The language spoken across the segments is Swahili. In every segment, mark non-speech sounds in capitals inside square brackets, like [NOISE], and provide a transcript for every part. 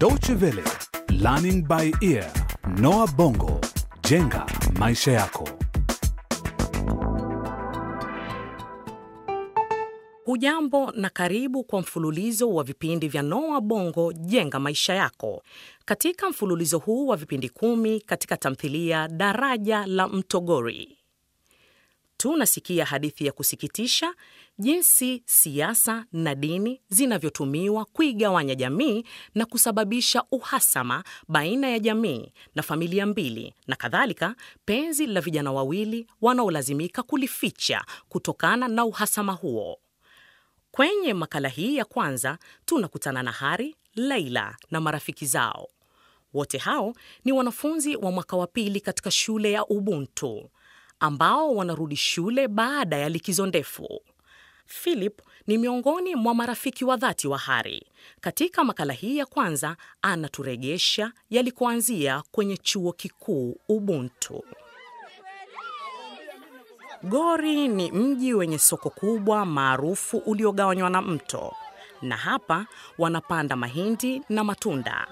Deutsche Welle, Learning by Ear, Noah Bongo, Jenga Maisha Yako. Hujambo na karibu kwa mfululizo wa vipindi vya noa Bongo, Jenga Maisha Yako. Katika mfululizo huu wa vipindi kumi katika tamthilia Daraja la Mtogori tunasikia hadithi ya kusikitisha jinsi siasa na dini zinavyotumiwa kuigawanya jamii na kusababisha uhasama baina ya jamii na familia mbili na kadhalika, penzi la vijana wawili wanaolazimika kulificha kutokana na uhasama huo. Kwenye makala hii ya kwanza tunakutana na Hari, Laila na marafiki zao. Wote hao ni wanafunzi wa mwaka wa pili katika shule ya Ubuntu ambao wanarudi shule baada ya likizo ndefu. Philip ni miongoni mwa marafiki wa dhati wa Hari. Katika makala hii ya kwanza, anaturegesha yalikuanzia kwenye chuo kikuu Ubuntu. Gori ni mji wenye soko kubwa maarufu uliogawanywa na mto, na hapa wanapanda mahindi na matunda.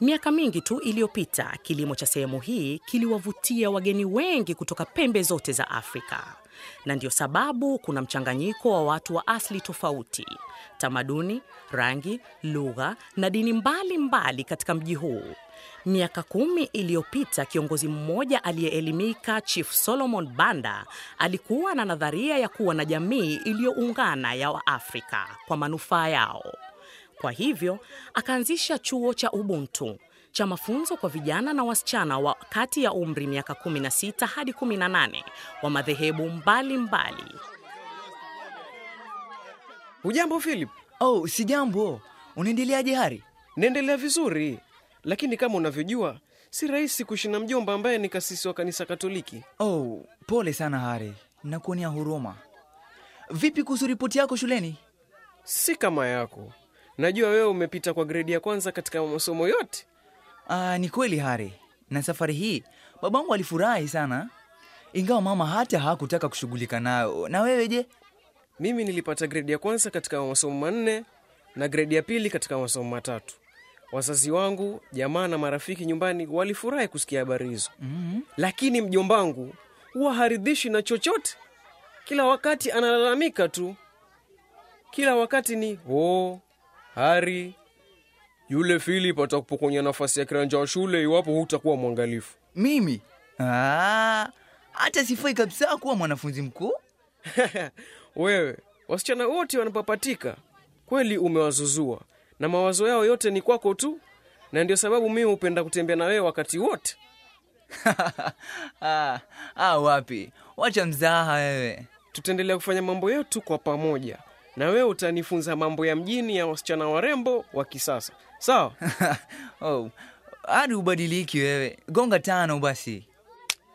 Miaka mingi tu iliyopita, kilimo cha sehemu hii kiliwavutia wageni wengi kutoka pembe zote za Afrika, na ndio sababu kuna mchanganyiko wa watu wa asili tofauti, tamaduni, rangi, lugha na dini mbalimbali mbali katika mji huu. Miaka kumi iliyopita kiongozi mmoja aliyeelimika Chief Solomon Banda alikuwa na nadharia ya kuwa na jamii iliyoungana ya Waafrika kwa manufaa yao. Kwa hivyo akaanzisha chuo cha Ubuntu cha mafunzo kwa vijana na wasichana wa kati ya umri miaka 16 hadi 18 wa madhehebu mbalimbali. ujambo Philip? Oh, si jambo. Unaendeleaje Hari? Naendelea vizuri, lakini kama unavyojua si rahisi kushina mjomba ambaye ni kasisi wa kanisa Katoliki. Oh, pole sana Hari, nakuonea huruma. Vipi kuhusu ripoti yako shuleni? Si kama yako najua wewe umepita kwa gredi ya kwanza katika masomo yote. Aa, ah, ni kweli Hari, na safari hii babangu alifurahi sana, ingawa mama hata hakutaka kushughulika nayo. Na wewe je? Mimi nilipata gredi ya kwanza katika masomo manne na gredi ya pili katika masomo matatu. Wazazi wangu, jamaa na marafiki nyumbani walifurahi kusikia habari hizo mm -hmm. Lakini mjombangu huwa haridhishi na chochote, kila wakati analalamika tu, kila wakati ni oh, Hari, yule Philip atakupokonya nafasi ya kiranja wa shule iwapo hutakuwa mwangalifu. Mimi ah, hata sifai kabisa kuwa mwanafunzi mkuu. [LAUGHS] Wewe, wasichana wote wanapapatika kweli, umewazuzua na mawazo yao yote ni kwako tu, na ndio sababu mimi hupenda kutembea na wewe wakati wote. [LAUGHS] ah, ah, wapi, wacha mzaha wewe. Tutaendelea kufanya mambo yetu kwa pamoja na wewe utanifunza mambo ya mjini ya wasichana warembo wa kisasa, sawa? [LAUGHS] oh, hadi ubadiliki wewe. Gonga tano basi,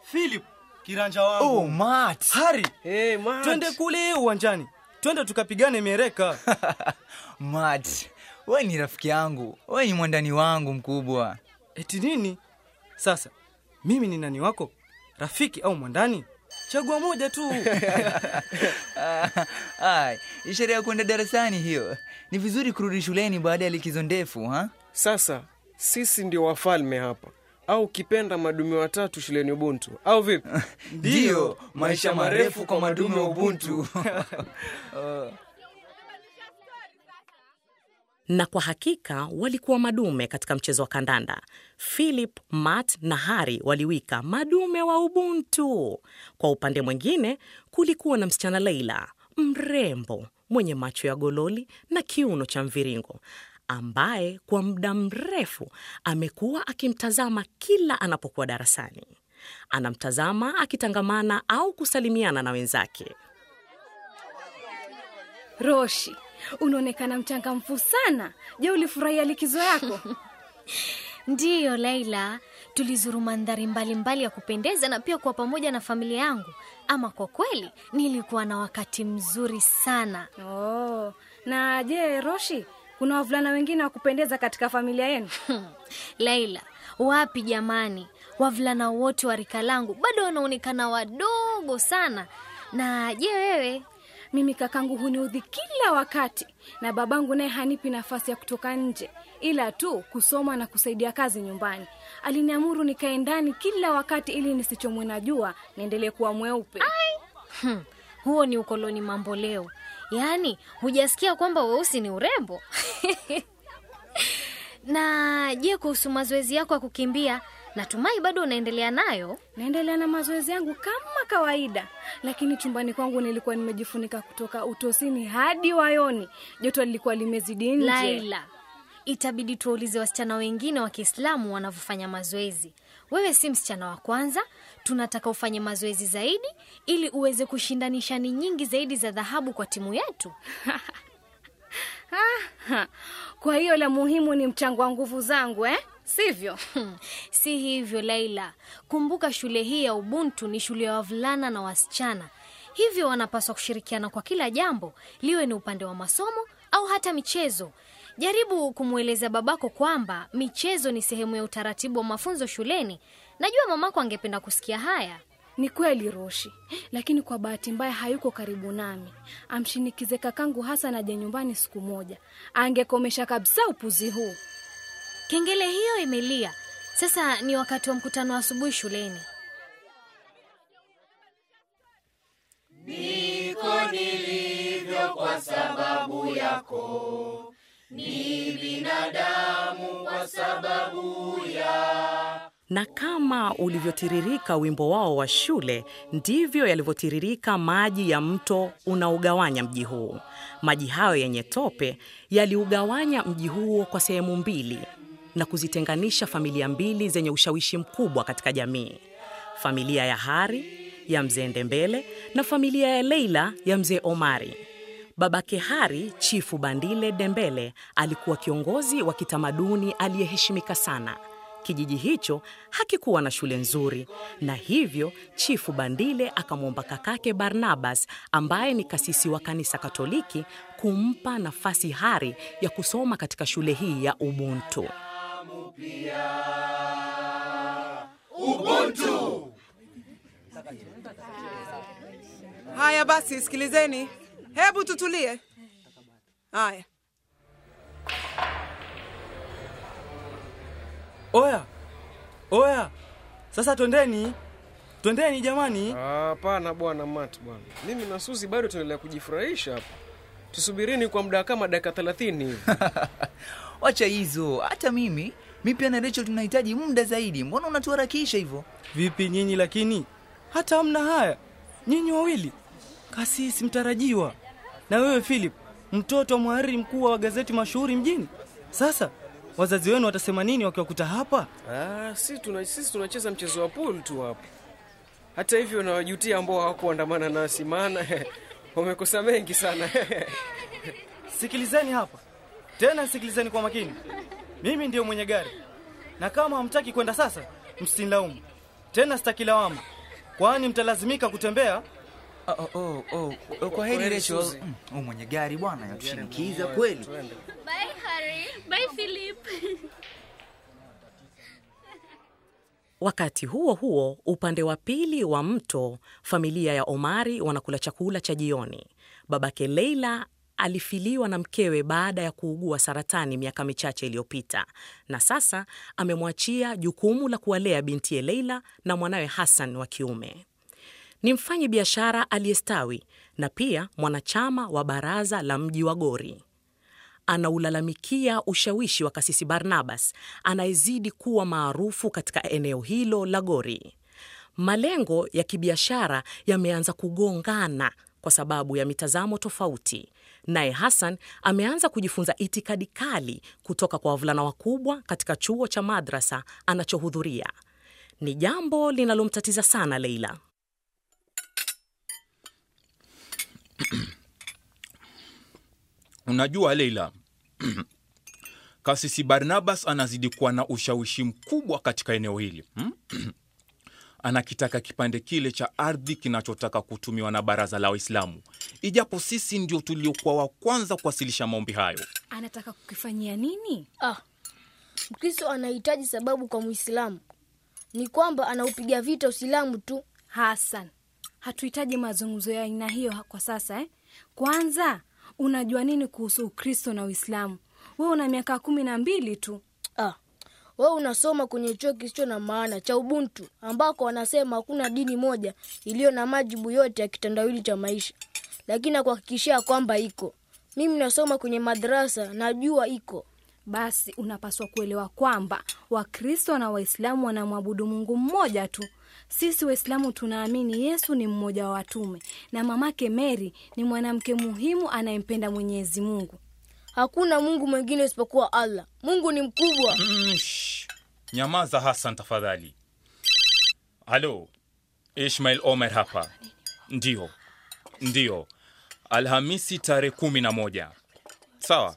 Philip kiranja wangu. Oh, Hari. Hey, Twende kule uwanjani, twende tukapigane miereka [LAUGHS] mat we ni rafiki yangu, we ni mwandani wangu mkubwa. Eti nini sasa? Mimi ni nani wako, rafiki au mwandani? chagua moja tu. [LAUGHS] Ai, ishara ya kwenda darasani hiyo. Ni vizuri kurudi shuleni baada ya likizo ndefu ha? Sasa sisi ndio wafalme hapa au kipenda madume watatu shuleni Ubuntu, au vipi? [LAUGHS] Ndio maisha marefu kwa madume wa Ubuntu. [LAUGHS] na kwa hakika walikuwa madume katika mchezo wa kandanda. Philip, Matt na Harry waliwika madume wa Ubuntu. Kwa upande mwingine, kulikuwa na msichana Leila, mrembo mwenye macho ya gololi na kiuno cha mviringo ambaye kwa muda mrefu amekuwa akimtazama kila anapokuwa darasani. Anamtazama akitangamana au kusalimiana na wenzake. Roshi, unaonekana mchangamfu sana je ulifurahia likizo yako [LAUGHS] ndiyo laila tulizuru mandhari mbalimbali ya kupendeza na pia kuwa pamoja na familia yangu ama kwa kweli nilikuwa na wakati mzuri sana oh, na je roshi kuna wavulana wengine wa kupendeza katika familia yenu [LAUGHS] laila wapi jamani wavulana wote wa rika langu bado wanaonekana wadogo sana na je wewe mimi kakangu huniudhi kila wakati, na babangu naye hanipi nafasi ya kutoka nje, ila tu kusoma na kusaidia kazi nyumbani. Aliniamuru nikae ndani kila wakati ili nisichomwe na jua, niendelee kuwa mweupe. Hmm, huo ni ukoloni mambo leo. Yaani hujasikia kwamba weusi ni urembo? [LAUGHS] na je, kuhusu mazoezi yako ya kukimbia, natumai bado unaendelea nayo? Naendelea na mazoezi yangu kama kawaida lakini chumbani kwangu nilikuwa nimejifunika kutoka utosini hadi wayoni. Joto lilikuwa limezidi nje. Laila, itabidi tuwaulize wasichana wengine wa Kiislamu wanavyofanya mazoezi. Wewe si msichana wa kwanza, tunataka ufanye mazoezi zaidi ili uweze kushinda nishani nyingi zaidi za dhahabu kwa timu yetu. [LAUGHS] Ah, kwa hiyo la muhimu ni mchango wa nguvu zangu eh? sivyo? Hmm. si hivyo Laila. Kumbuka shule hii ya Ubuntu ni shule ya wavulana na wasichana, hivyo wanapaswa kushirikiana kwa kila jambo, liwe ni upande wa masomo au hata michezo. Jaribu kumweleza babako kwamba michezo ni sehemu ya utaratibu wa mafunzo shuleni. Najua mamako angependa kusikia haya. Ni kweli Roshi, lakini kwa bahati mbaya hayuko karibu nami. Amshinikize kakangu Hasan aje nyumbani siku moja, angekomesha kabisa upuzi huu. Kengele hiyo imelia. Sasa ni wakati wa mkutano wa asubuhi shuleni. Niko nilivyo kwa sababu yako, ni binadamu kwa sababu ya na kama ulivyotiririka wimbo wao wa shule, ndivyo yalivyotiririka maji ya mto unaogawanya mji huu. Maji hayo yenye tope yaliugawanya mji huo kwa sehemu mbili, na kuzitenganisha familia mbili zenye ushawishi mkubwa katika jamii, familia ya Hari ya mzee Ndembele na familia ya Leila ya mzee Omari. Babake Hari, Chifu Bandile Dembele, alikuwa kiongozi wa kitamaduni aliyeheshimika sana. Kijiji hicho hakikuwa na shule nzuri, na hivyo Chifu Bandile akamwomba kakake Barnabas, ambaye ni kasisi wa kanisa Katoliki, kumpa nafasi Hari ya kusoma katika shule hii ya Ubuntu pia Ubuntu. Haya basi, sikilizeni, hebu tutulie. Haya. Oya, oya, sasa twendeni, twendeni jamani. Hapana bwana Mat, bwana mimi na Suzi bado tunaendelea kujifurahisha hapa, tusubirini kwa muda kama dakika thelathini [LAUGHS] Wacha hizo, hata mimi Mi pia na Rachel tunahitaji muda zaidi, mbona unatuharakisha hivyo? Vipi nyinyi lakini hata hamna haya nyinyi wawili, kasisi mtarajiwa na wewe Philip, mtoto wa mhariri mkuu wa gazeti mashuhuri mjini. Sasa wazazi wenu watasema nini wakiwakuta hapa? Ah, si tuna, sisi tunacheza mchezo wa pool tu hapa. Hata hivyo nawajutia ambao hawakuandamana nasi, maana [LAUGHS] wamekosa mengi sana. [LAUGHS] Sikilizeni hapa tena, sikilizeni kwa makini. Mimi ndiyo mwenye gari, na kama hamtaki kwenda sasa, msinilaumu tena, sitaki lawama, kwani mtalazimika kutembea. Ah, oh, oh, oh, oh, kwa heri Rachel. Mm, mm, mwenye gari bwana yatushinikiza kweli. Bye Harry. Bye Philip. [LAUGHS] Wakati huo huo, upande wa pili wa mto, familia ya Omari wanakula chakula cha jioni. Babake Leila alifiliwa na mkewe baada ya kuugua saratani miaka michache iliyopita, na sasa amemwachia jukumu la kuwalea bintie Leila na mwanawe Hassan wa kiume. Ni mfanyi biashara aliyestawi na pia mwanachama wa baraza la mji wa Gori. Anaulalamikia ushawishi wa kasisi Barnabas anayezidi kuwa maarufu katika eneo hilo la Gori. Malengo ya kibiashara yameanza kugongana kwa sababu ya mitazamo tofauti Naye hasan ameanza kujifunza itikadi kali kutoka kwa wavulana wakubwa katika chuo cha madrasa anachohudhuria. Ni jambo linalomtatiza sana Leila. Unajua Leila, Kasisi Barnabas anazidi kuwa na ushawishi mkubwa katika eneo hili anakitaka kipande kile cha ardhi kinachotaka kutumiwa na baraza la Waislamu ijapo sisi ndio tuliokuwa wa kwanza kuwasilisha maombi hayo. Anataka kukifanyia nini? Ah, Mkristo anahitaji sababu kwa Mwislamu ni kwamba anaupiga vita usilamu tu. Hasan, hatuhitaji mazungumzo ya aina hiyo kwa sasa eh? Kwanza unajua nini kuhusu Ukristo na Uislamu? we una miaka kumi na mbili tu. Ah, we unasoma kwenye chuo kisicho na maana cha Ubuntu ambako wanasema hakuna dini moja iliyo na majibu yote ya kitandawili cha maisha lakini nakuhakikishia kwamba iko. Mimi nasoma kwenye madrasa, najua iko. Basi unapaswa kuelewa kwamba Wakristo na Waislamu wanamwabudu Mungu mmoja tu. Sisi Waislamu tunaamini Yesu ni mmoja wa watume na mamake Meri ni mwanamke muhimu anayempenda Mwenyezi Mungu. Hakuna Mungu mwingine isipokuwa Allah. Mungu ni mkubwa. Mm, nyamaza Hasan tafadhali. Halo, Ishmail Omer hapa. ndio ndio. Alhamisi tarehe kumi na moja. Sawa,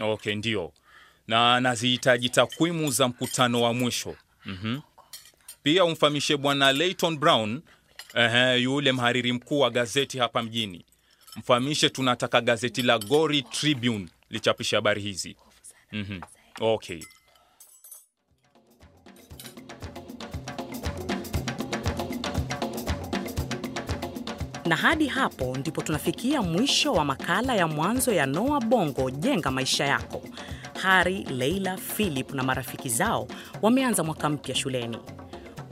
okay, ndio, na nazihitaji takwimu za mkutano wa mwisho. mm -hmm. Pia umfahamishe bwana Layton Brown, eh, yule mhariri mkuu wa gazeti hapa mjini, mfahamishe tunataka gazeti la Gori Tribune lichapishe habari hizi. mm -hmm. okay. Na hadi hapo ndipo tunafikia mwisho wa makala ya mwanzo ya noa Bongo, jenga maisha yako. Hari, Leila, Philip na marafiki zao wameanza mwaka mpya shuleni.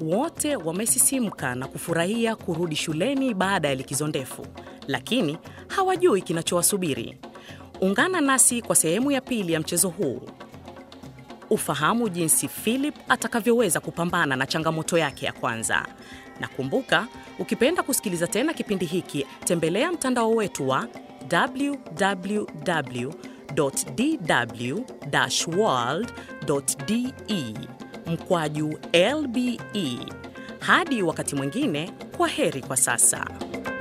Wote wamesisimka na kufurahia kurudi shuleni baada ya likizo ndefu, lakini hawajui kinachowasubiri. Ungana nasi kwa sehemu ya pili ya mchezo huu ufahamu jinsi Philip atakavyoweza kupambana na changamoto yake ya kwanza. Na kumbuka, ukipenda kusikiliza tena kipindi hiki, tembelea mtandao wetu wa www.dw-world.de mkwaju lbe. Hadi wakati mwingine, kwa heri kwa sasa.